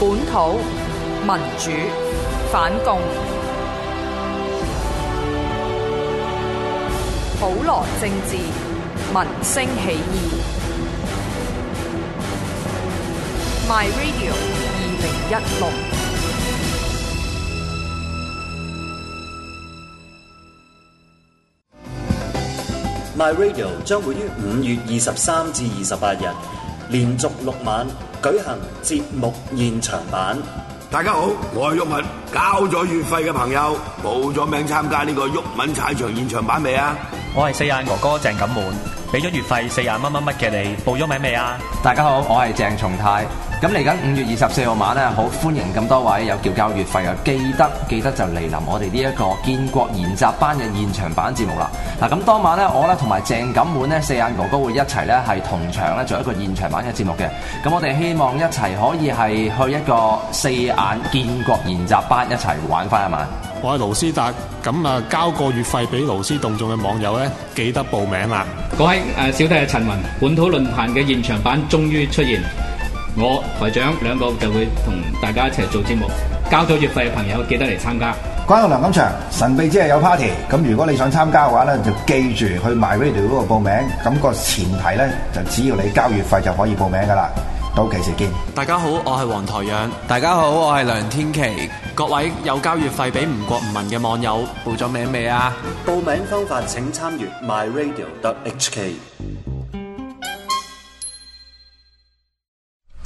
本土民主反共，普羅政治民聲起義。My Radio 二零一六。My Radio 將會於五月二十三至二十八日，連續六晚，舉行節目現場版，大家好，我係毓民，交咗月費嘅朋友，報咗名參加呢個毓民踩場現場版未啊？我係四眼哥哥鄭錦滿，俾咗月費四廿乜乜乜嘅你報，報咗名未啊？大家好，我係鄭松泰。咁嚟緊五月二十四號晚咧，好歡迎咁多位有繳交月費嘅，記得記得就嚟臨我哋呢一個建國研習班嘅現場版節目啦。嗱、啊，咁當晚咧，我咧同埋鄭錦滿咧四眼哥哥會一齊咧係同場咧做一個現場版嘅節目嘅。咁我哋希望一齊可以係去一個四眼建國研習班一齊玩翻一晚。我係盧斯達，咁啊交個月費俾盧斯動眾嘅網友咧，記得報名啦。各位誒小弟係陳雲，本土論壇嘅現場版終於出現。我台長兩個就會同大家一齊做節目，交咗月費嘅朋友記得嚟參加。關於梁錦祥神秘之夜有 party，咁如果你想參加嘅話咧，就記住去 My Radio 嗰度報名，咁個前提咧就只要你交月費就可以報名噶啦。到期時見。大家好，我係黃台仰。大家好，我係梁天琦。各位有交月費俾吳國唔民嘅網友，報咗名未啊？報名方法請參閱 My Radio HK。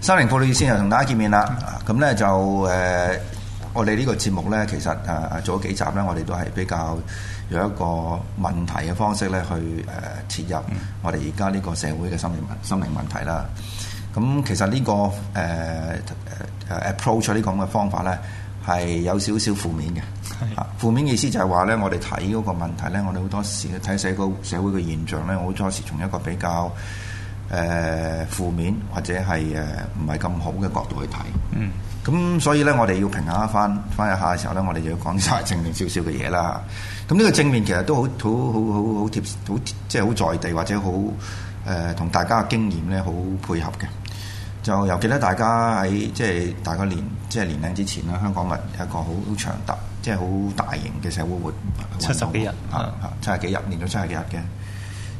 心靈輔導熱線又同大家見面啦，咁咧、嗯、就誒、呃，我哋呢個節目咧，其實誒、呃、做咗幾集咧，我哋都係比較有一個問題嘅方式咧，去誒切、呃、入我哋而家呢個社會嘅心理問心靈問題啦。咁、嗯、其實呢、呢個誒誒、呃、誒、啊、approach 呢咁嘅方法咧，係有少少負面嘅的、啊。負面意思就係話咧，我哋睇嗰個問題咧，我哋好多時睇社會社會嘅現象咧，好多時從一個比較，誒、呃、負面或者係誒唔係咁好嘅角度去睇，嗯，咁所以咧，我哋要評價一翻，翻一下嘅時候咧，我哋就要講啲係正面少少嘅嘢啦。咁呢個正面其實都好好好好好貼，好即係好在地或者好誒、呃、同大家嘅經驗咧好配合嘅。就尤記得大家喺即係大概年即係年零之前啦，香港咪一個好長達即係好大型嘅社會活動七十幾日啊，七十幾日，年到、嗯、七十幾日嘅。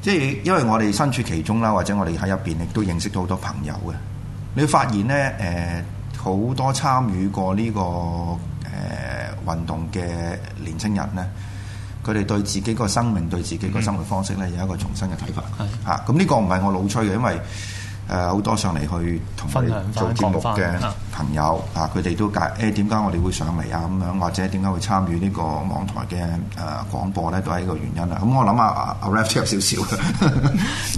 即係因為我哋身處其中啦，或者我哋喺入邊亦都認識到好多朋友嘅。你發現呢，誒、呃、好多參與過呢、呢個誒運、呃、動嘅年青人呢，佢哋對自己個生命、對自己個生活方式呢，嗯、有一個重新嘅睇法。係嚇的，咁呢、啊呢個唔係我老吹嘅，因為。誒好多上嚟去同我哋做節目嘅朋友啊，佢哋都解誒，點解我哋會上嚟啊？咁樣或者點解會參與呢個網台嘅誒廣播咧？都係一個原因啦。咁我諗啊阿 Ralph 有少少嘅，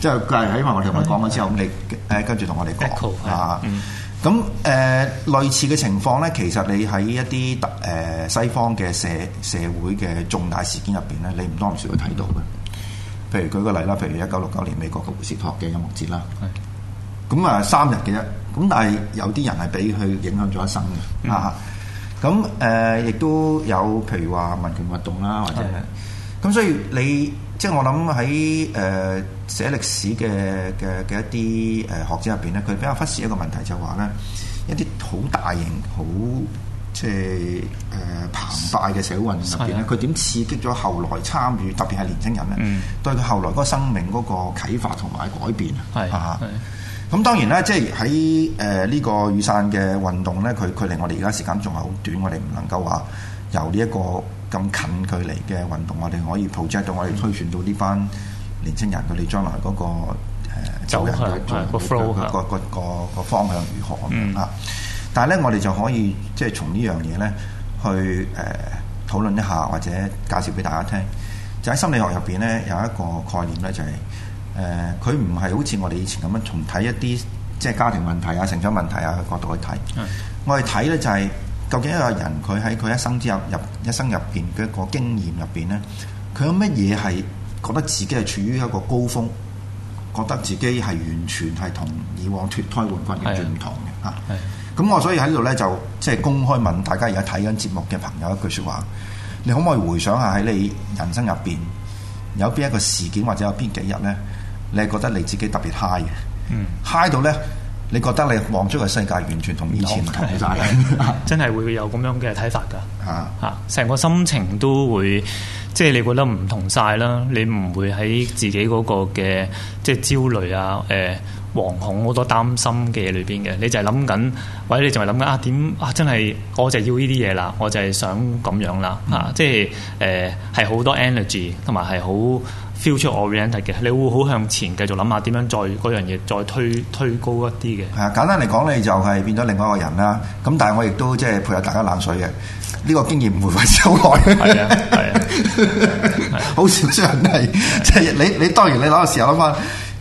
即係喺因為我哋同你講咗之後，咁 你誒跟住同我哋講咁、誒、呃、類似嘅情況咧，其實你喺一啲特誒西方嘅社社會嘅重大事件入邊咧，你唔多唔少會睇到嘅。譬如舉個例啦，譬如一九六九年美國嘅胡士託嘅音樂節啦。咁啊，三日嘅啫。咁但係有啲人係俾佢影響咗一生嘅。啊，咁誒，亦都有譬如話民權運動啦，或者係咁。所以你即係我諗喺誒寫歷史嘅嘅嘅一啲誒學者入邊咧，佢比較忽視一個問題，就係話咧一啲好大型、好即係誒澎湃嘅社會運動入邊咧，佢點刺激咗後來參與，特別係年輕人咧，對佢後來嗰個生命嗰個啟發同埋改變啊。係。咁當然啦，即係喺誒呢個雨傘嘅運動咧，佢距離我哋而家時間仲係好短，我哋唔能夠話由呢一個咁近距離嘅運動，我哋可以 project 到我哋推算到呢班年青人佢哋將來嗰、那個走人嘅個 f 方向如何咁啊？嗯、但係咧，我哋就可以即係從呢樣嘢咧去誒、呃、討論一下，或者介紹俾大家聽。就喺、是、心理學入邊咧，有一個概念咧，就係、是。誒，佢唔係好似我哋以前咁樣從睇一啲即係家庭問題啊、成長問題啊嘅角度去睇。是的 我哋睇呢，就係、係、究竟一個人佢喺佢一生之入入一生入邊嘅一個經驗入邊呢，佢有乜嘢係覺得自己係處於一個高峰，覺得自己係完全係同以往脱胎換骨完全唔同嘅嚇。咁我所以喺度呢，就即係公開問大家而家睇緊節目嘅朋友一句説話：你可唔可以回想下喺你人生入邊有邊一個事件或者有邊幾日呢？你係覺得你自己特別 high 嘅、嗯、high 到咧，你覺得你望出個世界完全同以前唔同晒？ 真係會有咁樣嘅睇法㗎。嚇嚇、啊，成個心情都會即係你覺得唔同晒啦，你唔會喺自己嗰個嘅即係焦慮啊、誒、呃、惶恐好多擔心嘅嘢裏邊嘅，你就係諗緊或者你就係諗緊啊點啊真係我就要呢啲嘢啦，我就係想咁樣啦。嗯、啊，即係誒係好多 energy 同埋係好。feel 出我嘅，你會好向前繼續諗下點樣再嗰樣嘢再推推高一啲嘅。係啊，簡單嚟講，你就係變咗另外一個人啦。咁但係我亦都即係潑下大家冷水嘅。呢、呢個經驗唔會維持好耐。係 啊，係啊，好少人都係即係你你，你當然你攞個時候諗啊嘛。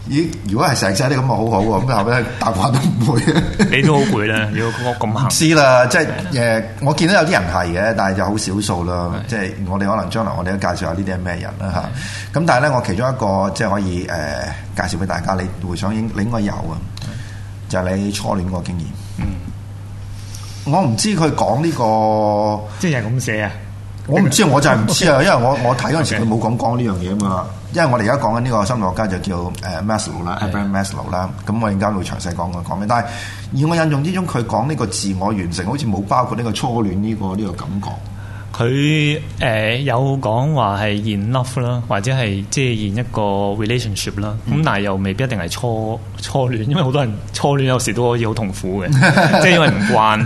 咦？如果係成世啲咁啊，好好喎！咁後尾答話都唔會，你都好攰啦。你我咁行，知啦。即係誒，我見到有啲人係嘅，但係就好少數啦。即係 是 我哋可能將來我哋都介紹下呢啲係咩人啦嚇。咁是的 但係咧，我其中一個即係、就是、可以誒、呃、介紹俾大家，你回想應應該有啊，就係、是、你初戀個經驗。嗯 嗯、我唔知佢講呢個即係咁寫啊。我唔知啊，我就係唔知啊，因為我我睇嗰陣時佢冇講講呢樣嘢嘛。Okay. 因為我哋而家講緊呢個心理學家就叫誒 Maslow 啦，Abraham Maslow 啦。咁、呃的啊、我陣間會詳細講佢講咩。但係以我印象之中，佢講呢個自我完成好似冇包括呢個初戀呢、呢個呢、呢個感覺。佢誒、呃、有講話係 in love 啦，或者係即係 in 一個 relationship 啦。咁但係又未必一定係初。初戀，因為好多人初戀有時都可以好痛苦嘅，即係因為唔慣，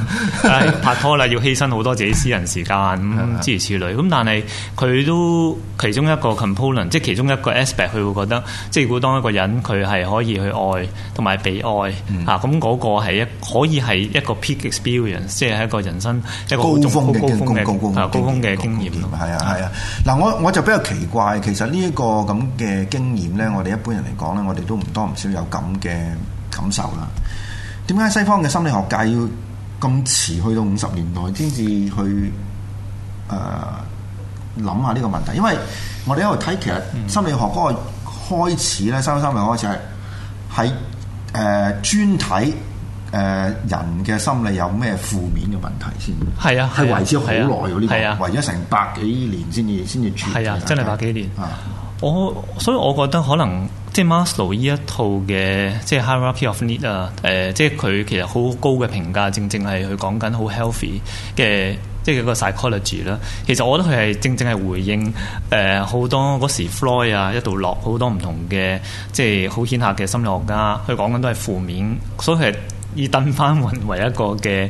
拍拖啦，要犧牲好多自己私人時間，咁諸如此類。咁但係佢都其中一個 component，即係其中一個 aspect，佢會覺得即係如果當一個人佢係可以去愛同埋被愛啊，咁個係一可以係一個 peak experience，即係一個人生一個高峰嘅高峰嘅經驗，係啊係啊。嗱，我我就比較奇怪，其實呢一個咁嘅經驗咧，我哋一般人嚟講咧，我哋都唔多唔少有感。嘅感受啦，點解西方嘅心理學界要咁遲去到五十年代先至去誒諗下呢個問題？因為我哋一路睇其實心理學嗰個開始咧，三三零開始係喺誒專睇誒人嘅心理有咩負面嘅問題先。係啊，係維持好耐㗎呢個，維咗成百幾年先至先至轉。係啊，真係百幾年。啊、嗯，我所以我覺得可能。即係 Maslow 呢一套嘅即係 Hierarchy of Need 啊，誒，即係佢其實好高嘅評價正正係佢講緊好 healthy 嘅，即係佢個 Psychology 啦。其實我覺得佢係正正係回應誒好、呃、多嗰時 Freud 啊一度落好多唔同嘅，即係好顯赫嘅心理學家，佢講緊都係負面，所以佢係以登翻雲為一個嘅誒、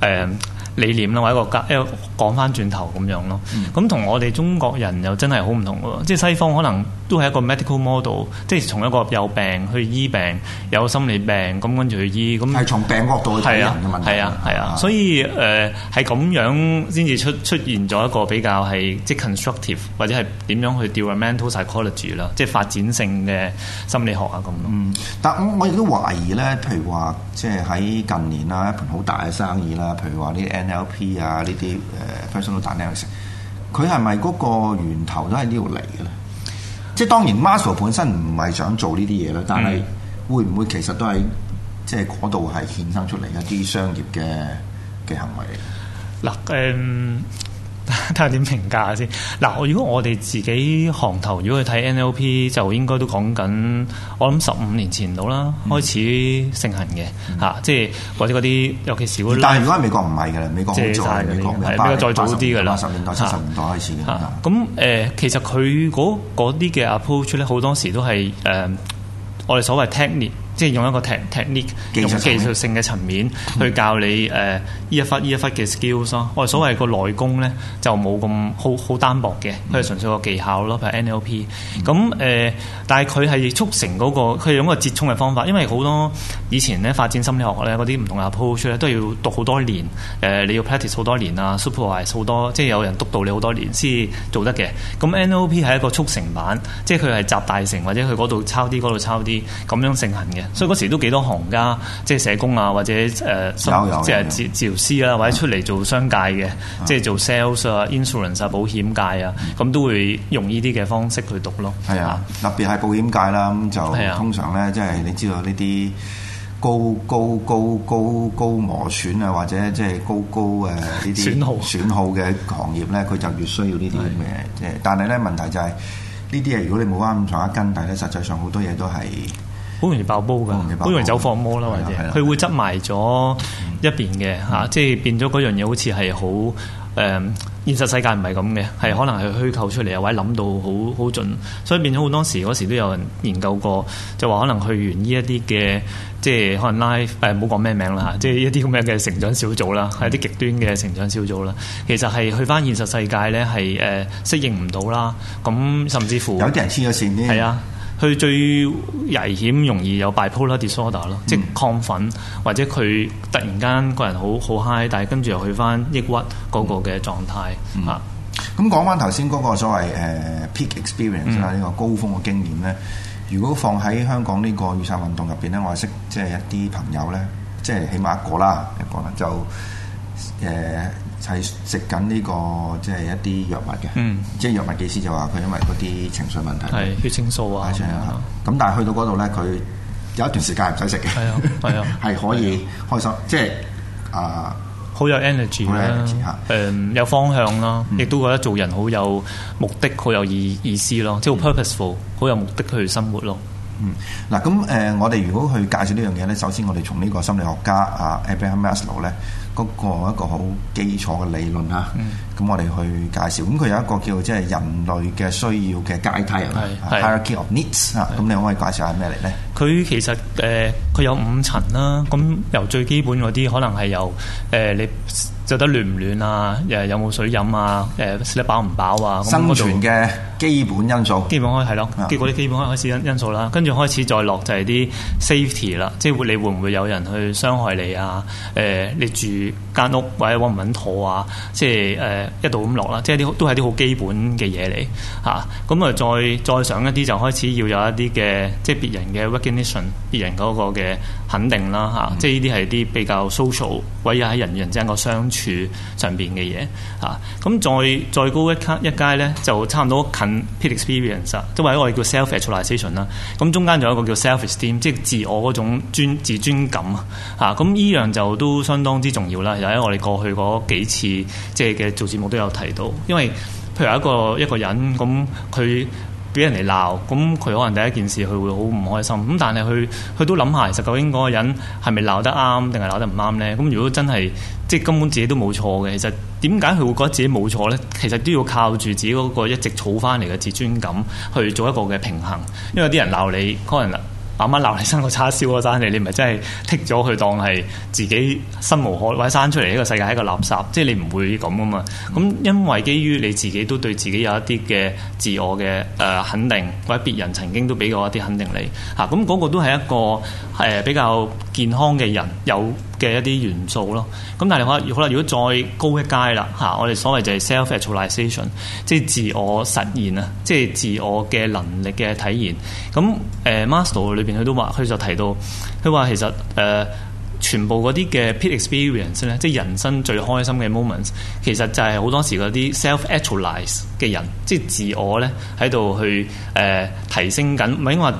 呃、理念啦，或一個格，因為講翻轉頭咁樣咯。咁同、嗯、我哋中國人又真係好唔同喎，即係西方可能。都係一個 medical model，即係從一個有病去醫病，有心理病咁跟住去醫。係從病角度去睇、啊、人嘅問題。係啊，係啊，啊所以誒係咁樣先至出出現咗一個比較係即係 constructive 或者係點樣去 developmental psychology 啦，即係發展性嘅心理學啊咁咯。嗯、但我亦都懷疑咧，譬如話即係喺近年啦，一盤好大嘅生意啦，譬如話啲 NLP 啊，呢啲誒 personal dynamics，佢係咪嗰個源頭都係呢度嚟嘅咧？即係當然，Maslow 本身唔係想做呢啲嘢啦，但係會唔會其實都係即係嗰度係衍生出嚟一啲商業嘅嘅行為？嗱，誒。睇下點評價先。嗱，我如果我哋自己行頭，如果去睇 NLP，就應該都講緊。我諗十五年前到啦，嗯、開始盛行嘅嚇，嗯、即係或者嗰啲，尤其是嗰啲。但係如果係美國唔係㗎啦，美國好早，美國美國再早啲㗎啦，八十年代、七十年代開始嘅。咁誒，其實佢嗰啲嘅 approach 咧，好多時都係誒、嗯，我哋所謂 technique。即係用一個 technique 用技術性嘅層面去教你誒依、嗯呃、一忽呢一忽嘅 skills 咯。我哋所謂個內功咧就冇咁好好單薄嘅，佢係純粹個技巧咯，譬如 NLP、嗯。咁誒、呃，但係佢係促成嗰、那個，佢用個捷徑嘅方法。因為好多以前咧發展心理學咧嗰啲唔同 approach 咧都要讀好多年，誒、呃、你要 practice 好多年啊 supervise 好多，即係有人督導你好多年先做得嘅。咁 NLP 係一個促成版，即係佢係集大成或者佢嗰度抄啲，嗰度抄啲，咁樣盛行嘅。所以嗰時都幾多行家，即係社工啊，或者誒，即係治療師啊，或者出嚟做商界嘅，即係做 sales 啊、insurance 啊、保險界啊，咁都會用呢啲嘅方式去讀咯。係啊，特別係保險界啦，咁就通常咧，即係你知道呢啲高高高高高磨損啊，或者即係高高誒呢啲損耗損耗嘅行業咧，佢就越需要呢啲咁嘅，即係但係咧問題就係呢啲嘢，如果你冇啱咁長一根，但係咧實際上好多嘢都係。好容易爆煲噶，好、哦、容易走火魔啦，對對對，或者佢會執埋咗一邊嘅嚇，即係對變咗嗰樣嘢好似係好誒現實世界唔係咁嘅，係可能係虛構出嚟，或者諗到好好盡，所以變咗好多時嗰時都有人研究過，就話、是、可能去完呢一啲嘅即係可能 Live 誒，唔好講咩名啦，即係一啲咁樣嘅成長小組啦，係一啲對 極端嘅成長小組啦，其實係去翻現實世界咧，係誒適應唔到啦，咁甚至乎有啲人黐咗線咧，係啊。佢最危險，容易有 bipolar disorder 咯、嗯，即係亢奮，或者佢突然間個人好好 high，但係跟住又去翻抑鬱嗰個嘅狀態嚇。咁講翻頭先嗰個所謂誒、uh, peak experience 啊、嗯，呢個高峰嘅經驗咧，如果放喺香港呢個雨傘運動入邊咧，我識即係一啲朋友咧，即係起碼一個啦，一個啦就誒。Uh, 係食緊呢個即係、就是、一啲藥物嘅，嗯，即係藥物技師就話佢因為嗰啲情緒問題，係血清素啊，咁、啊、吧但係去到嗰度咧，佢有一段時間唔使食嘅，係啊係啊，係、啊、可以開心，即係啊，好、就是呃、有 energy 啦、嗯，誒有方向啦，亦都、嗯、覺得做人好有目的，好有意意思咯，即、就、係、是、purposeful，好、嗯、有目的去生活咯。嗯，嗱咁誒，我哋如果去介紹呢樣嘢咧，首先我哋從呢個心理學家啊 Abraham Maslow 咧。嗰個一個好基礎嘅理論啊。嗯咁我哋去介紹，咁佢有一個叫即係人類嘅需要嘅階梯啊，Hierarchy of Needs 啊是。咁你可唔可以介紹下咩嚟咧？佢其實誒佢、呃、有五層啦。咁由最基本嗰啲，可能係由誒、呃、你著得暖唔暖啊，誒有冇水飲啊，誒、呃、食得飽唔飽啊。生存嘅基本因素，基本開係咯，基本啲、啊、基本開基本開始因因素啦。跟住開始再落就係啲 Safety 啦，即係會你會唔會有人去傷害你啊？誒、呃、你住間屋或者穩唔穩妥啊？即係誒。呃呃一度咁落啦，即係啲都係啲好基本嘅嘢嚟嚇。咁啊，再再上一啲就開始要有一啲嘅，即係別人嘅 recognition 別人個嘅肯定啦吓，啊嗯、即係呢啲係啲比較 social，關於喺人與人之間個相處上邊嘅嘢嚇。咁、啊、再再高一級一階咧，就差唔多近 peak experience 啦、啊，都或者我哋叫 self actualization 啦。咁、啊、中間仲有一個叫 self esteem，即係自我種尊自尊感啊，吓咁依樣就都相當之重要啦。由、啊、喺我哋過去幾次即係嘅做自我都有提到，因為譬如一個一個人咁，佢俾人哋鬧，咁佢可能第一件事佢會好唔開心。咁但係，佢佢都諗下，其實究竟嗰個人係咪鬧得啱定係鬧得唔啱咧？咁如果真係即係根本自己都冇錯嘅，其實點解佢會覺得自己冇錯咧？其實都要靠住自己嗰個一直儲翻嚟嘅自尊感去做一個嘅平衡。因為啲人鬧你，可能。慢慢鬧你生個叉燒咯，生你你唔係真係剔咗佢當係自己身無可，或者生出嚟呢個世界係一個垃圾，即係你唔會咁啊嘛。咁因為基於你自己都對自己有一啲嘅自我嘅誒肯定，或者別人曾經都俾過一啲肯定你嚇，咁、那、嗰個都係一個誒比較。健康嘅人有嘅一啲元素咯，咁但係你可可能如果再高一階啦吓，我哋所謂就係 self actualization 即係自我實現啊，即係自我嘅能力嘅體現，咁誒、呃、master 裏邊佢都話，佢就提到，佢話其實誒、呃、全部嗰啲嘅 peak experience 咧，即係人生最開心嘅 moments 其實就係好多時嗰啲 self actualize 嘅人，即係自我咧喺度去誒提升緊，唔係應該話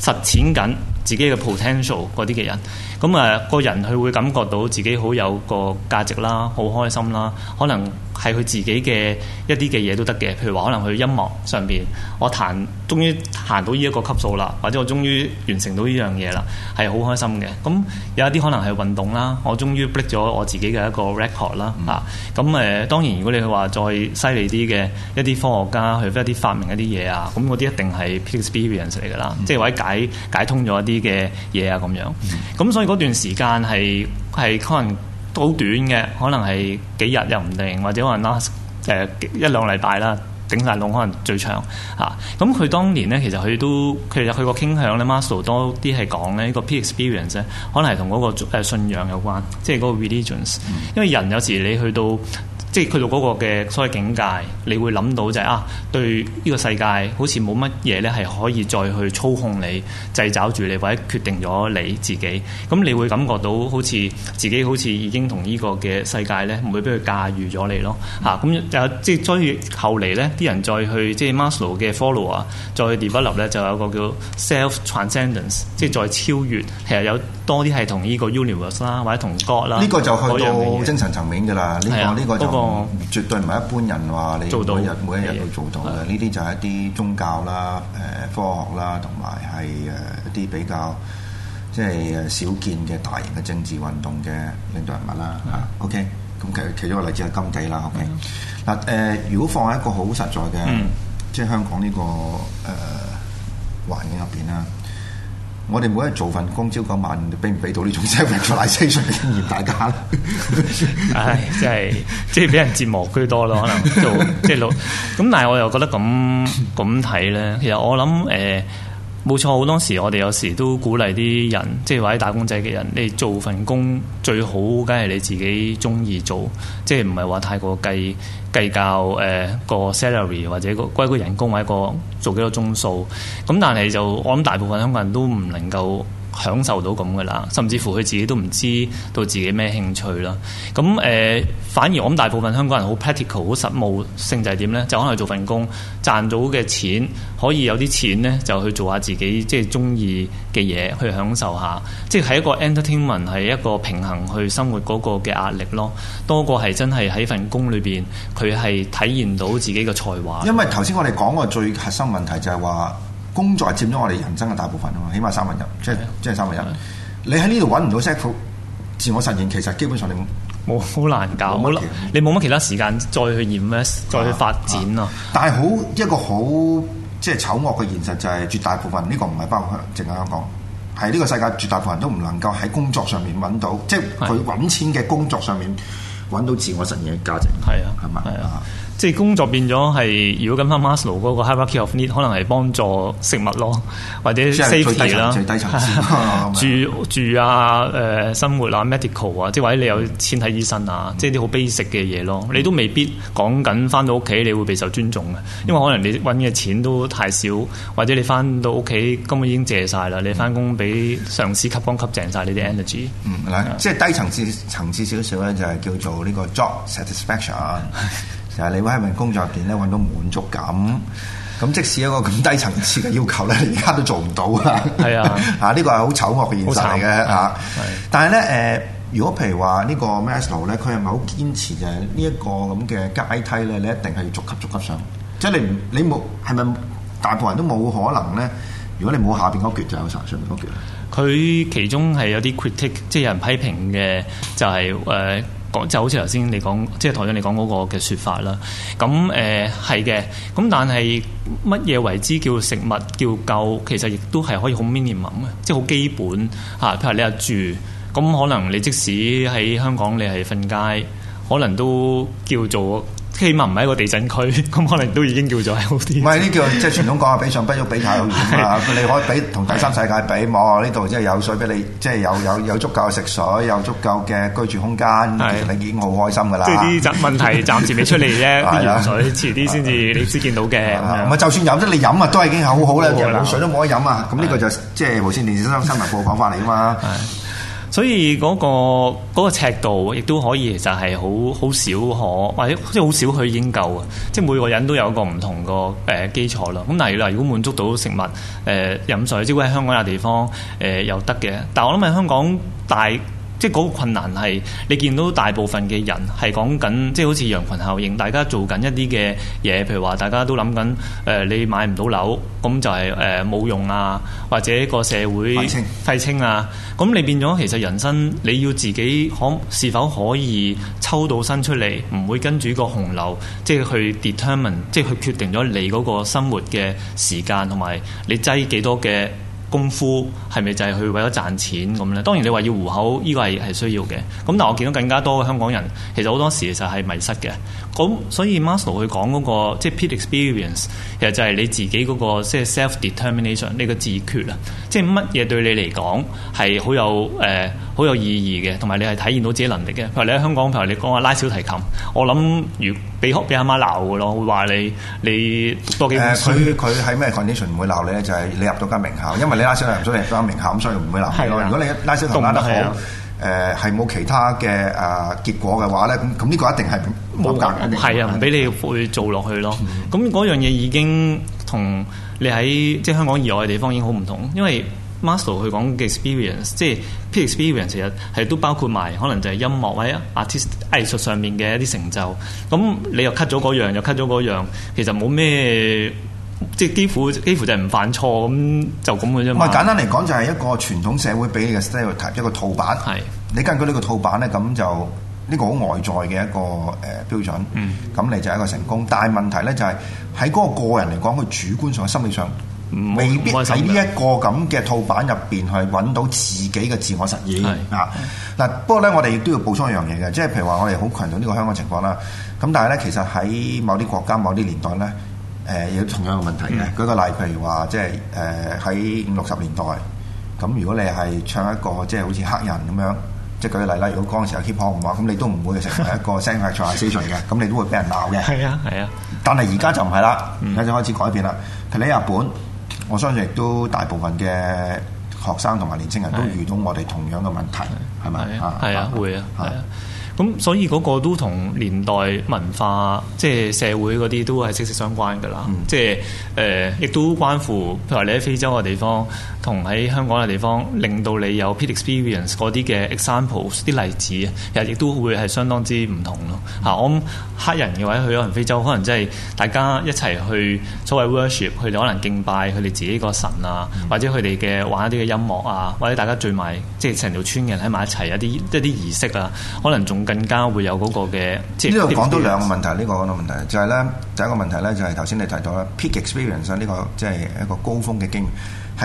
實踐緊。自己嘅 potential 嗰啲嘅人，咁啊，呃，個人佢會感覺到自己好有個價值啦，好開心啦，可能。係佢自己嘅一啲嘅嘢都得嘅，譬如話可能佢音樂上邊，我彈終於彈到呢一個級數啦，或者我終於完成到呢樣嘢啦，係好開心嘅。咁有一啲可能係運動啦，我終於 break 咗我自己嘅一個 record 啦、嗯、啊！咁誒，當然如果你話再犀利啲嘅一啲科學家去一啲發明一啲嘢啊，咁嗰啲一定係 experience 嚟㗎啦，即係或者解通咗一啲嘅嘢啊咁樣。咁、嗯、所以嗰段時間係係可能。都好短嘅，可能係幾日又唔定，或者可能 last 誒一兩禮拜啦，頂晒籠可能最長嚇。咁、啊、佢當年咧，其實佢都其實佢個傾向咧 Maslow 多啲係講咧呢、呢個 peak experience 咧，可能係同嗰個信仰有關，即係嗰個 religions、嗯、 因為人有時你去到。即係佢到嗰個嘅所謂境界，你會諗到就係、是、啊，對呢個世界好似冇乜嘢咧係可以再去操控你、制找住你或者決定咗你自己，咁你會感覺到好似自己好似已經同呢個嘅世界咧唔會俾佢駕馭咗你咯吓咁啊即係所以後嚟咧，啲人再去即係 Maslow 嘅 follower，再 develop 咧就有一個叫 self-transcendence，即係再超越。其實有多啲係同呢個 universe 啦，或者同 God 啦。呢個就去到精神層面㗎啦。呢、這個。呢、這個嗯、絕對唔係一般人話你每日做到每一日都做到嘅，呢啲的就係一啲宗教啦、誒、呃、科學啦，同埋係誒一啲比較即係誒少見嘅大型嘅政治運動嘅領導人物啦。啊是的，OK，咁其其中一個例子係甘地啦。OK，嗱誒、嗯呃，如果放喺一個好實在嘅、嗯、即係香港呢、這個誒、呃、環境入邊啦。我哋每日做份工，朝九晚，俾唔俾到呢種 socialisation 嘅經驗大家？唉，即係即係俾人折磨居多咯，可能做即係咁。但係我又覺得咁咁睇咧，其實我諗誒冇錯，好多時我哋有時都鼓勵啲人，即係或者打工仔嘅人，你做份工最好，梗係你自己中意做，即係唔係話太過計。計較誒、呃、個 salary 或者個歸嗰人工或者個做幾多鐘數咁，但係就我諗，大部分香港人都唔能夠。享受到咁嘅啦，甚至乎佢自己都唔知道自己咩興趣啦。咁誒、呃，反而我諗大部分香港人好 practical，好實務性就係點呢？就可能做份工，賺到嘅錢可以有啲錢呢，就去做下自己即係中意嘅嘢，去享受下。即係一個 entertainment，係一個平衡去生活嗰個嘅壓力咯，多過係真係喺份工裏邊佢係體驗到自己嘅才華。因為頭先我哋講過最核心問題就係話，工作係佔咗我哋人生嘅大部分啊嘛，起碼三分一，即係即係三分一。對你喺呢度揾唔到 self 自我實現，其實基本上你冇，好難搞。冇你冇乜其他時間再去驗咧、啊，再去發展咯、啊。但係好一個好即係醜惡嘅現實就係絕大部分呢、呢個唔係包括淨係香港，係呢個世界絕大部分人都唔能夠喺工作上面揾到，啊、即係佢揾錢嘅工作上面揾到自我實現嘅價值。係對啊，係嘛？係啊。即係工作變咗係，如果跟翻 Maslow 嗰個 Hierarchy of Need，可能係幫助食物咯，或者 safety 啦，最低層次住住啊，誒、呃、生活啊，medical 啊，即係或者你有錢睇醫生啊，嗯、即係啲好 basic 嘅嘢咯。你都未必講緊翻到屋企，你會被受尊重嘅，因為可能你揾嘅錢都太少，或者你翻到屋企根本已經借晒啦。你翻工俾上司吸光吸淨晒你啲 energy。即係低層次層次少少咧，就係、是、叫做呢個 job satisfaction。 就係你會喺份工作入面咧揾到滿足感？咁即使一個咁低層次嘅要求咧，你而家都做唔到啊！係 慘啊，嚇是呢個係好醜惡嘅現實嚟嘅嚇。但係咧誒，如果譬如話呢個 Maslow 咧，佢係咪好堅持就係呢一個咁嘅階梯咧？你一定係要逐級逐級上，即、就、係、是、你你冇係咪大部分人都冇可能咧？如果你冇下邊嗰橛，就有上上邊嗰橛。佢其中係有啲 critic，即係有人批評嘅、就是，就係誒。講就好似頭先你講，即、就、係、是、台長你講嗰個嘅説法啦。咁誒係嘅，咁、呃、但係乜嘢為之叫食物叫夠？其實亦都係可以好 minimum 嘅、um，即係好基本嚇。譬、啊、如你話住，咁可能你即使喺香港你係瞓街，可能都叫做。起碼唔係一個地震區，咁可能都已經叫做好啲。唔係呢叫即係傳統講話比上不足比下有餘啦。你可以比同第三世界比，望下呢度即係有水俾你，即係有有有足夠嘅食水，有足夠嘅居住空間，你已經好開心噶啦。即係啲質問題暫時未出嚟啫，啲水遲啲先至你先見到嘅。唔係就算有得你飲啊，都係已經好好啦。人冇水都冇得飲啊，咁呢個就即係無線電視新聞部講法嚟噶嘛。所以嗰、那個那個尺度亦都可以，其實係好好少可或者即係好少去研究嘅，即係每個人都有個唔同個誒、呃、基礎啦。咁但係，例如如果滿足到食物誒、呃、飲水，只會喺香港有地方誒又得嘅。但係我諗喺香港大。即係嗰個困難係，你見到大部分嘅人係講緊，即係好似羊群效應，大家做緊一啲嘅嘢，譬如話大家都諗緊，誒、呃、你買唔到樓，咁就係誒冇用啊，或者個社會廢青啊，咁你變咗其實人生你要自己可是否可以抽到身出嚟，唔會跟住個洪流，即係去 determine，即係去決定咗你嗰個生活嘅時間同埋你擠幾多嘅。功夫係咪就係去為咗賺錢咁咧？當然你話要糊口呢、呢個係係需要嘅。咁但係我見到更加多嘅香港人其實好多時其實係迷失嘅。咁所以 Maslow 佢講嗰個即係 peak experience，其實就係你自己嗰、那個即係、就是、self determination 呢個自決啦。即係乜嘢對你嚟講係好有誒好、呃、有意義嘅，同埋你係體驗到自己能力嘅。譬如你喺香港，譬如你講啊拉小提琴，我諗如。俾俾阿媽鬧㗎咯，會話你你多幾次佢佢喺咩 condition 唔 會鬧你咧？就係、是、你入到間名校，因為你拉小提琴唔想入到間名校，咁所以唔會鬧你咯。啊、如果你拉小提琴拉得好，誒、啊，係冇、呃、其他嘅誒、呃、結果嘅話咧，咁咁呢個一定係冇隔硬，係沒啊，唔俾、啊、你去做落去咯。咁嗰、嗯、樣嘢已經同你喺即係香港以外嘅地方已經好唔同，因為。master 去講嘅 experience，即係 peak experience，其實係都包括埋可能就係音樂或者藝術上面嘅一啲成就。咁你又 cut 咗嗰樣，又 cut 咗嗰樣，其實冇咩，即係幾乎幾乎就係唔犯錯咁，就咁嘅啫嘛。唔係簡單嚟講，就係一個傳統社會俾你嘅 style，一個套板。係是你根據呢個套板咧，咁就呢個好外在嘅一個誒標準。嗯。咁你就係一個成功，但係問題咧就係喺嗰個個人嚟講，佢主觀上、心理上。未必喺呢一個咁嘅套版入邊去揾到自己嘅自我實現啊！嗱，不過咧，我哋亦都要補充一樣嘢嘅，即係譬如話，我哋好強調呢個香港情況啦。咁但係咧，其實喺某啲國家、某啲年代咧，誒有同樣嘅問題嘅。舉個例，譬如話，即係誒喺五六十年代，咁如果你係唱一個即係好似黑人咁樣，即係舉個例啦，如果嗰陣時有 hip hop 唔話，咁你都唔會成為一個 singer-songwriter 嘅，咁你都會俾人鬧嘅。係啊，係啊，但係而家就唔係啦，而家就開始改變啦。譬如喺日本。我相信亦都大部分嘅學生同埋年青人都遇到我哋同樣嘅問題，係咪？係啊，會啊，係啊。咁所以個都同年代文化即係社會啲都係息息相關噶啦，嗯、即係誒、呃、亦都關乎，譬如你喺非洲嘅地方，同喺香港嘅地方，令到你有 peak experience 啲嘅 examples 啲例子，啊，其實亦都會係相當之唔同咯吓、嗯、我黑人嘅話去咗可能非洲，可能真係大家一齊去所謂 worship，佢哋可能敬拜佢哋自己個神啊，嗯、或者佢哋嘅玩一啲嘅音樂啊，或者大家聚埋即係成條村嘅人喺埋一齊一啲一啲儀式啊，可能仲～更加會有嗰個嘅，呢度講到兩個問題，呢個兩個問題就係咧，第一個問題咧就係頭先你提到啦 Peak experience 呢個即係一個高峰嘅經驗，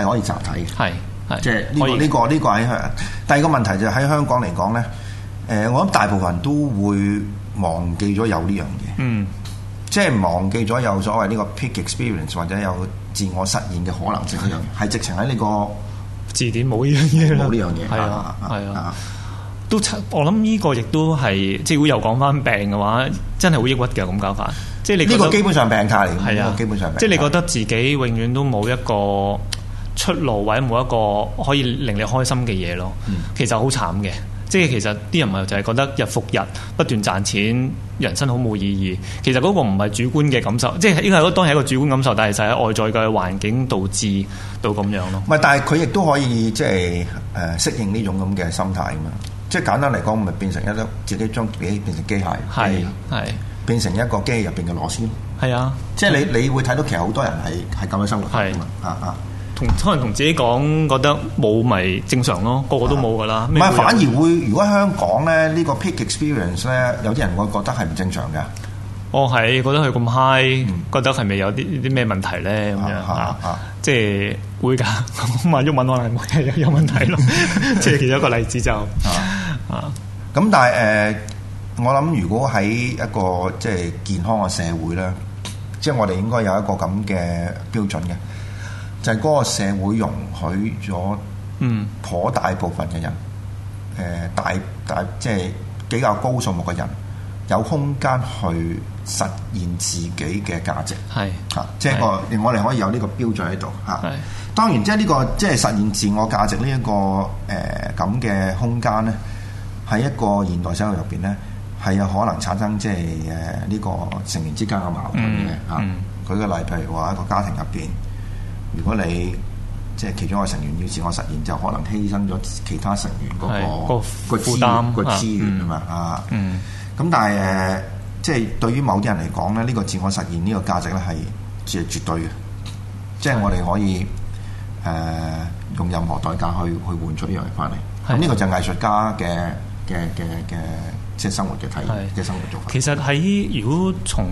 係可以集體嘅，係係即係呢個呢個呢個，喺第二個問題就喺香港嚟講咧，誒，我諗大部分人都會忘記咗有呢樣嘢，嗯，即係忘記咗有所謂呢個 Peak experience 或者有自我實現嘅可能性呢樣，係直情喺呢個字典冇呢樣嘢，冇呢樣嘢，係啊，係啊。都，我諗呢個亦都係，即係如果又講翻病嘅話，真係好抑鬱嘅咁搞法。即係你呢個基本上病態嚟，係啊的，基本上即係你覺得自己永遠都冇一個出路，或者冇一個可以令你開心嘅嘢咯。其實好慘嘅，即係其實啲人咪就係覺得日復日不斷賺錢，人生好冇意義。其實嗰個唔係主觀嘅感受，即係應該都當係一個主觀感受，但係就係外在嘅環境導致到咁樣咯。唔係，但係佢亦都可以即係誒適應呢種咁嘅心態噶嘛。即係簡單嚟講，唔係變成一粒自己將自己變成機械，係係變成一個機器入邊嘅螺絲。係啊，即係你你會睇到其實好多人係係咁樣生活嘅啊，同可能同自己講覺得冇咪正常咯，個個都冇㗎啦。唔係反而會，如果香港咧呢個 peak experience 咧，有啲人會覺得係唔正常嘅。哦，係覺得佢咁 high，覺得係咪有啲啲咩問題咧咁樣啊？即係會㗎，萬鬱敏可能係有問題咯。即係其中一個例子就。啊！咁但係誒、呃，我諗如果喺一個即係健康嘅社會咧，即係我哋應該有一個咁嘅標準嘅，就係、是、嗰個社會容許咗嗯，頗大部分嘅人誒、嗯呃，大大即係比較高數目嘅人有空間去實現自己嘅價值係嚇，即係個令我哋可以有呢個標準喺度嚇。係、啊、是當然即係呢、這個即係實現自我價值呢一個誒咁嘅空間咧。喺一個現代社會入邊咧，係有可能產生即係誒呢個成員之間嘅矛盾嘅嚇。舉個例，譬如話一個家庭入邊，如果你即係其中一個成員要自我實現，就可能犧牲咗其他成員嗰個個負擔個資源啊嘛啊。嗯。咁但係誒，即係對於某啲人嚟講咧，呢個自我實現呢個價值咧係係絕對嘅，即係我哋可以誒用任何代價去去換取一樣嘢翻嚟。咁呢個就係藝術家嘅。嘅嘅嘅，即係生活嘅體驗，即是生活做法。其實喺如果從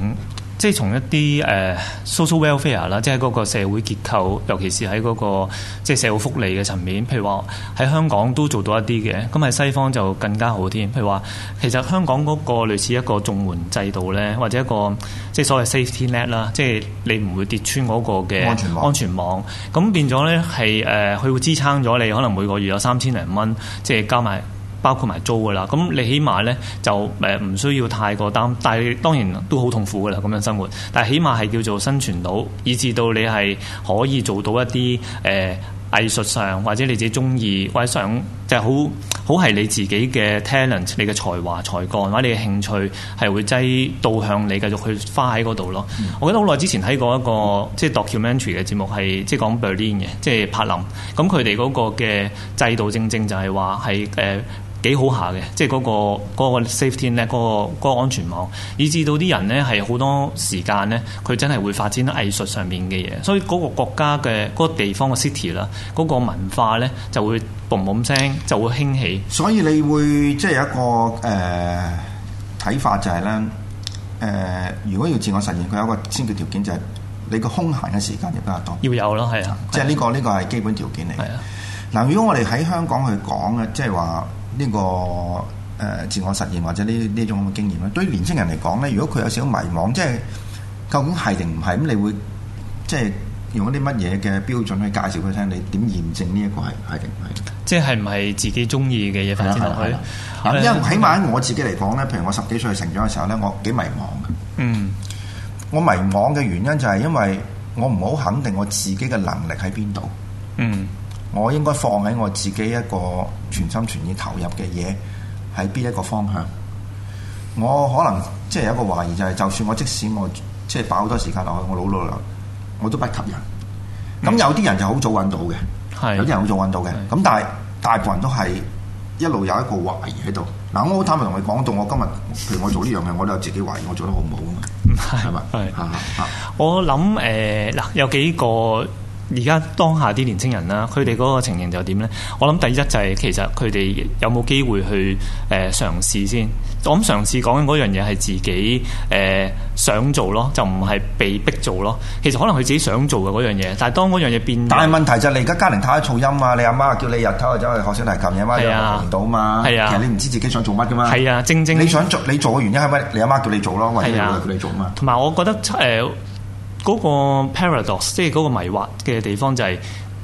即係、就是、從一啲誒、uh, social welfare 啦，即係嗰個社會結構，尤其是喺嗰、那個即係、就是、社會福利嘅層面，譬如話喺香港都做到一啲嘅。咁喺西方就更加好添。譬如話，其實香港嗰個類似一個綜援制度咧，或者一個即係、就是、所謂 safety net 啦，即係你唔會跌穿嗰個嘅安，全安全網。安全網咁變咗咧，係誒佢會支撐咗你，可能每個月有三千零蚊，即、就、係、是、加埋。包括埋租㗎啦，咁、嗯、你起碼咧就誒唔、嗯、需要太過擔，但係當然都好痛苦㗎啦，咁樣生活。但係起碼係叫做生存到，以致到你係可以做到一啲誒、呃、藝術上，或者你自己中意或者想，就係、好好係你自己嘅 talent，你嘅才華才幹或者你嘅興趣係會擠倒向你繼續去花喺嗰度咯。嗯、我記得好耐之前睇過一個、嗯、即係 documentary 嘅節目，係即係講 Berlin 嘅，即係柏林。咁佢哋嗰個嘅制度正正、正就係話係誒。幾好下嘅，即係嗰個嗰個 safety 咧，嗰個嗰個安全網，以至到啲人咧係好多時間咧，佢真係會發展喺藝術上面嘅嘢，所以嗰個國家嘅嗰個地方嘅 city 啦，嗰個文化咧就會嘣嘣聲就會興起。所以你會即係有一個誒睇法就係咧誒，如果要自我實現，佢有一個先決條件就係你個空閒嘅時間要比較多，要有咯，係啊，即係呢個呢個係基本條件嚟。係啊。嗱，如果我哋喺香港去講嘅，即係話。呢、這個誒、呃、自我實現或者呢呢種經驗啦，對於年輕人嚟講咧，如果佢有少少迷茫，即係究竟係定唔係咁？你會即係用一啲乜嘢嘅標準去介紹佢聽？你點驗證呢一個係係定唔係？是是即係唔係自己中意嘅嘢發展落去，因為起碼喺我自己嚟講咧，譬如我十幾歲成長嘅時候咧，我幾迷茫嘅。嗯，我迷惘嘅原因就係因為我唔好肯定我自己嘅能力喺邊度。嗯。我應該放喺我自己一個全心全意投入嘅嘢，喺邊一個方向，我可能即係有一個懷疑就係、是，就算我即使我即係擺好多時間落去，我老老老，我都不及人。咁有啲人就好早揾到嘅，是有啲人好早揾到嘅。咁是但係大部分人都係一路有一個懷疑喺度。嗱，我好坦白同你講到，我今日譬如我做呢樣嘢，我都有自己懷疑我做得好唔好啊嘛。係咪是？係嚇嚇嚇。是 我諗誒嗱，有幾個。而家當下啲年青人啦，佢哋嗰個情形就點咧？我諗第一就係、是、其實佢哋有冇機會去誒、呃、嘗試先。我諗嘗試講緊嗰樣嘢係自己誒、呃、想做咯，就唔係被逼做咯。其實可能佢自己想做嘅嗰樣嘢，但係當嗰樣嘢變……但係問題就係你而家家庭太多噪音啊！你阿媽，媽叫你日頭去走去學小提琴嘅嘛，媽媽又唔到嘛。係啊，其實你唔知自己想做乜㗎嘛。係啊，正正你想做你做嘅原因係咪你阿媽，媽叫你做咯，還是佢叫你做嘛？同埋、啊、我覺得誒。呃呃嗰個 paradox，即係嗰個迷惑嘅地方就係、是、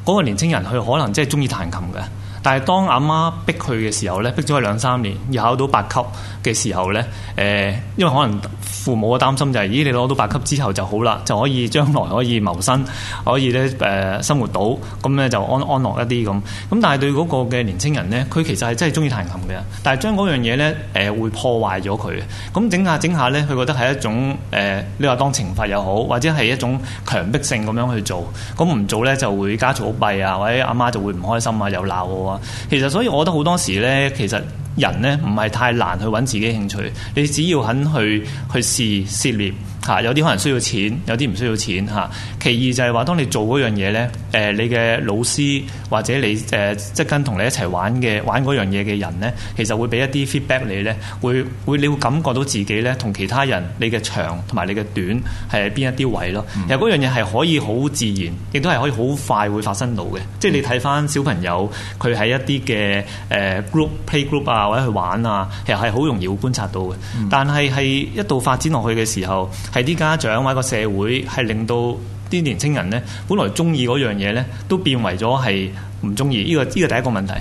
個年青人佢可能真係中意彈琴嘅。但係當阿媽逼佢嘅時候咧，逼咗佢兩三年，要考到八級嘅時候咧，誒、呃，因為可能父母嘅擔心就係、是，咦，你攞到八級之後就好啦，就可以將來可以謀生，可以咧誒、呃、生活到，咁咧就安安樂一啲咁。咁但係對嗰個嘅年青人咧，佢其實係真係鍾意彈琴嘅，但係將嗰樣嘢咧，誒、呃、會破壞咗佢嘅。咁整下整下咧，佢覺得係一種誒、呃，你話當懲罰又好，或者係一種強迫性咁樣去做，咁唔做咧就會家嘈屋閉啊，或者阿媽就會唔開心啊，又鬧我。其實，所以我覺得好多時咧，其實人咧唔係太難去揾自己興趣。你只要肯去去試涉獵。嚇，有啲可能需要錢，有啲唔需要錢嚇。其二就係話，當你做嗰樣嘢咧，誒、呃，你嘅老師或者你誒，即、呃、跟同你一齊玩嘅玩嗰樣嘢嘅人咧，其實會俾一啲 feedback 你咧，會會你會感覺到自己咧同其他人你嘅長同埋你嘅短係邊一啲位咯。嗯、其實嗰樣嘢係可以好自然，亦都係可以好快會發生到嘅。嗯、即係你睇翻小朋友，佢喺一啲嘅誒 group play group 啊，或者去玩啊，其實係好容易會觀察到嘅。嗯、但係係一度發展落去嘅時候。係啲家長或者個社會係令到啲年青人呢，本來中意嗰樣嘢呢，都變為咗係唔中意。呢個呢個第一個問題。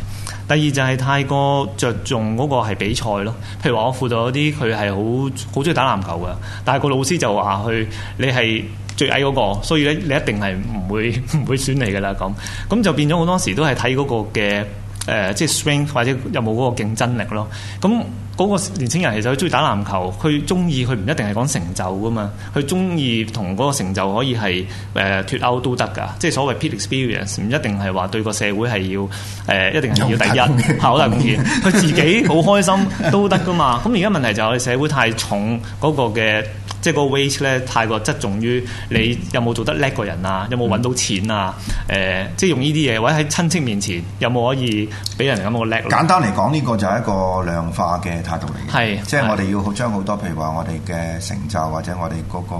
第二就係太過着重嗰個係比賽咯。譬如話，我輔導嗰啲佢係好好中意打籃球嘅，但係個老師就話佢你係最矮嗰個，所以咧你一定係唔會唔會選你㗎啦。咁咁就變咗好多時都係睇嗰個嘅。誒、呃，即係 strength 或者有冇嗰個競爭力咯？咁、嗯、嗰、那個年青人其實佢中意打籃球，佢中意佢唔一定係講成就噶嘛，佢中意同嗰個成就可以係誒脫鈎都得噶，即係所謂 peak experience，唔一定係話對個社會係要誒、呃、一定係要第一，好啦咁樣，佢 自己好開心都得噶嘛。咁而家問題就係我哋社會太重嗰個嘅。即係個 raise 咧，太過側重於你有冇做得叻個人啊，嗯、有冇揾到錢啊？誒、呃，即係用呢啲嘢，或者喺親戚面前有冇可以俾人哋感覺我叻？簡單嚟講，呢、這個就係一個量化嘅態度嚟嘅。係是，即係我哋要將好多的譬如話我哋嘅成就或者我哋嗰、那個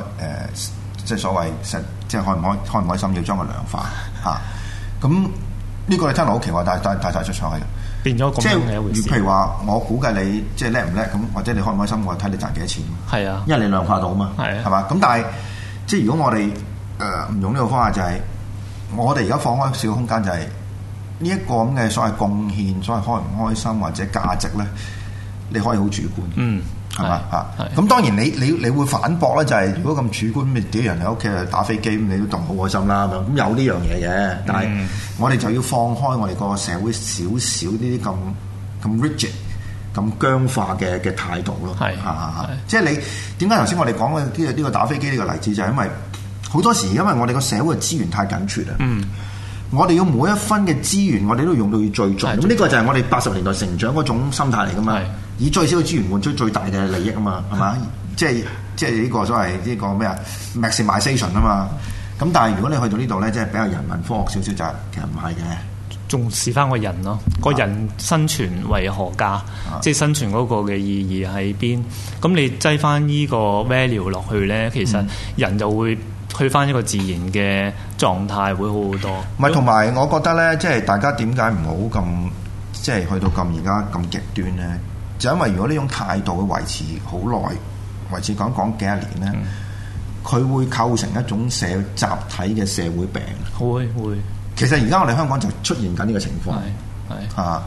誒誒誒即係所謂即係開唔開開唔開心，要將佢量化吓。咁呢、 啊、個真係好奇怪，大大大台出場嚟嘅。變咗咁樣嘅一回事譬如話，我估計你即係叻唔叻咁，或者你開唔開心，我睇你賺幾多錢。係啊，因為你量化到嘛，係啊，係嘛？咁但係，即係如果我哋誒唔用呢個方法、就係，就係我哋而家放開少空間、就係，就係呢一個咁嘅所謂貢獻，所謂開唔開心或者價值咧，你可以好主觀。嗯。係咁當然你你你會反駁咧，就係、是、如果咁主觀，咁啲人喺屋企打飛機，咁你都當好開心啦咁樣。咁有呢樣嘢嘅，但係我哋就要放開我哋個社會少少呢啲咁咁 rigid、咁、嗯、咁僵化嘅嘅態度咯。係，係即係你點解頭先我哋講嘅呢個呢個打飛機呢個例子，就係、是、因為好多時因為我哋個社會資源太緊缺啦。嗯、我哋要每一分嘅資源，我哋都用到要最盡。咁呢盡個就係我哋八十年代成長嗰種心態嚟噶嘛。是以最少嘅資源換出最大嘅利益啊嘛，係嘛？ 即係即係呢個所謂呢個咩啊 maximization 啊嘛。咁但係如果你去到呢度咧，即係比較人文科學少少就其實唔係嘅。重視翻個人咯，個人生存為何價？的即係生存嗰個嘅意義喺邊？咁你擠翻呢個 value 落去咧，其實人就會去翻一個自然嘅狀態，會好好多。咪同埋我覺得咧，即係大家點解唔好咁即係去到咁而家咁極端咧？就因為如果呢種態度會維持好耐，維持講講幾十年咧，佢、嗯、會構成一種社集體嘅社會病。會會。會其實而家我哋香港就出現緊呢個情況。係係。啊，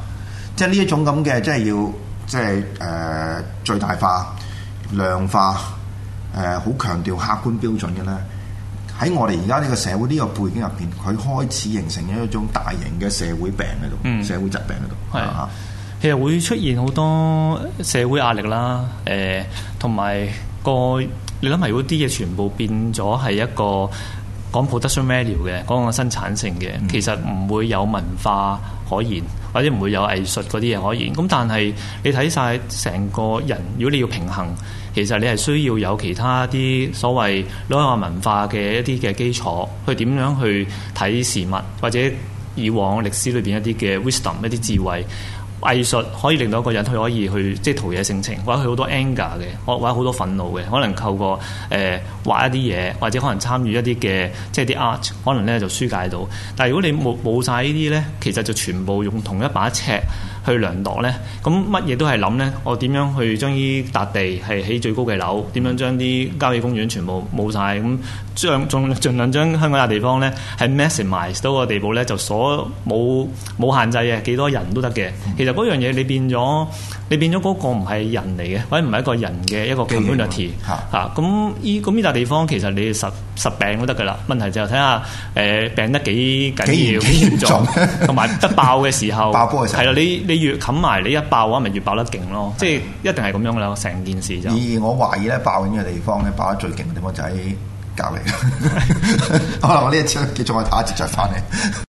即係呢一種咁嘅，即係要即係誒、呃、最大化、量化誒好強調客觀標準嘅咧。喺我哋而家呢個社會呢個背景入邊，佢開始形成咗一種大型嘅社會病喺度，嗯、社會疾病喺度。係啊。其實會出現好多社會壓力啦，誒、呃，同埋個你諗埋嗰啲嘢，全部變咗係一個講 production value 嘅，講個生產性嘅。其實唔會有文化可言，或者唔會有藝術嗰啲嘢可言。咁但係你睇晒成個人，如果你要平衡，其實你係需要有其他啲所謂兩岸文化嘅一啲嘅基礎，去點樣去睇事物，或者以往歷史裏邊一啲嘅 wisdom 一啲智慧。藝術可以令到一個人佢可以去即係陶冶性情，或者佢好多 anger 嘅，或或者好多憤怒嘅，可能透過誒畫、呃、一啲嘢，或者可能參與一啲嘅即係啲 art，可能咧就疏解到。但係如果你冇冇曬呢啲咧，其實就全部用同一把尺。去量度呢，咁乜嘢都係諗呢。我點樣去將依笪地係起最高嘅樓？點樣將啲郊野公園全部冇晒？咁盡盡儘量將香港笪地方呢係 maximize 到個地步呢，就所冇冇限制嘅，幾多人都得嘅。其實嗰樣嘢你變咗。你變咗嗰個唔係人嚟嘅，或者唔係一個人嘅一個 community 嚇，咁依咁呢笪地方其實你實實病都得㗎啦。問題就係睇下誒病得幾緊要、幾嚴重，同埋得爆嘅時候，係啦，你你越冚埋你一爆嘅話，咪越爆得勁咯。的即係一定係咁樣㗎啦，成件事就。而我懷疑咧爆影嘅地方咧，爆得最勁嘅地方就喺隔離。可能我呢一次繼續我下一節再返嚟。